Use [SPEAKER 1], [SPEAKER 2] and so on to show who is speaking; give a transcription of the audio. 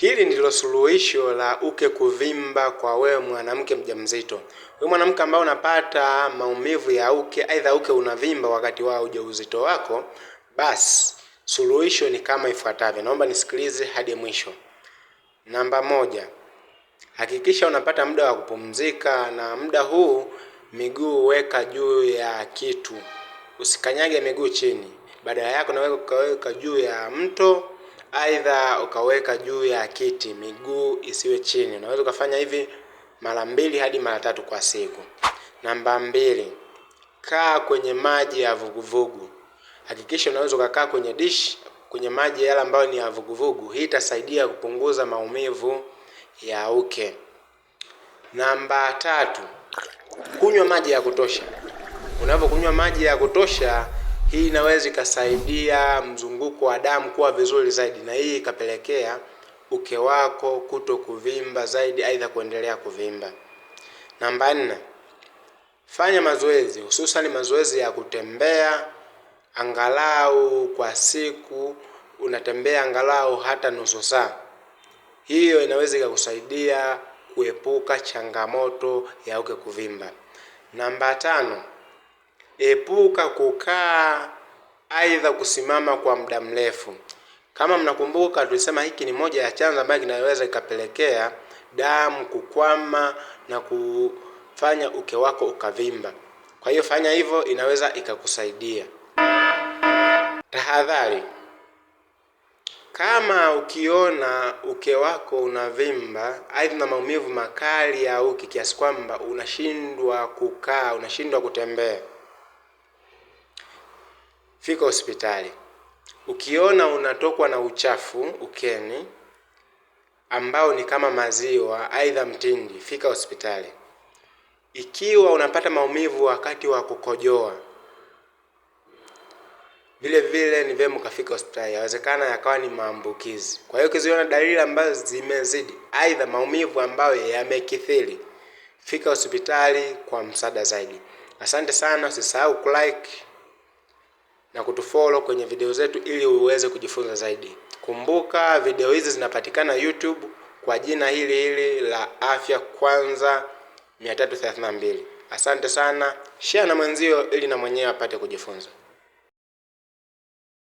[SPEAKER 1] Hili ndilo suluhisho la uke kuvimba kwa wewe mwanamke mjamzito. Wewe mwanamke ambaye unapata maumivu ya uke, aidha uke unavimba wakati wa ujauzito wako, basi suluhisho ni kama ifuatavyo. Naomba nisikilize hadi mwisho. Namba moja, hakikisha unapata muda wa kupumzika, na muda huu miguu weka juu ya kitu, usikanyage miguu chini. Badala yako naweka ukaweka juu ya mto Aidha ukaweka juu ya kiti, miguu isiwe chini. Unaweza ukafanya hivi mara mbili hadi mara tatu kwa siku. Namba mbili, kaa kwenye maji ya vuguvugu. Hakikisha unaweza ukakaa kwenye dish, kwenye maji yale ambayo ni ya vuguvugu. Hii itasaidia kupunguza maumivu ya uke. Namba tatu, kunywa maji ya kutosha. Unapokunywa maji ya kutosha hii inaweza ikasaidia mzunguko wa damu kuwa vizuri zaidi, na hii ikapelekea uke wako kuto kuvimba zaidi, aidha kuendelea kuvimba. Namba nne, fanya mazoezi, hususani mazoezi ya kutembea angalau kwa siku unatembea angalau hata nusu saa. Hiyo inaweza ikakusaidia kuepuka changamoto ya uke kuvimba. Namba tano Epuka kukaa aidha kusimama kwa muda mrefu. Kama mnakumbuka, tulisema hiki ni moja ya chanzo ambayo kinaweza ikapelekea damu kukwama na kufanya uke wako ukavimba. Kwa hiyo fanya hivyo, inaweza ikakusaidia. Tahadhari: kama ukiona uke wako unavimba, aidha na maumivu makali ya uke kiasi kwamba unashindwa kukaa, unashindwa kutembea fika hospitali. Ukiona unatokwa na uchafu ukeni ambao ni kama maziwa aidha mtindi, fika hospitali. Ikiwa unapata maumivu wakati wa kukojoa, vile vile ni vyema ukafika hospitali, yawezekana yakawa ni maambukizi. Kwa hiyo ukiziona dalili ambazo zimezidi, aidha maumivu ambayo yamekithiri, fika hospitali kwa msaada zaidi. Asante sana, usisahau kulike na kutufollow kwenye video zetu ili uweze kujifunza zaidi. Kumbuka video hizi zinapatikana YouTube kwa jina hili hili la Afya Kwanza 332. Asante sana, share na mwenzio ili na mwenyewe apate kujifunza.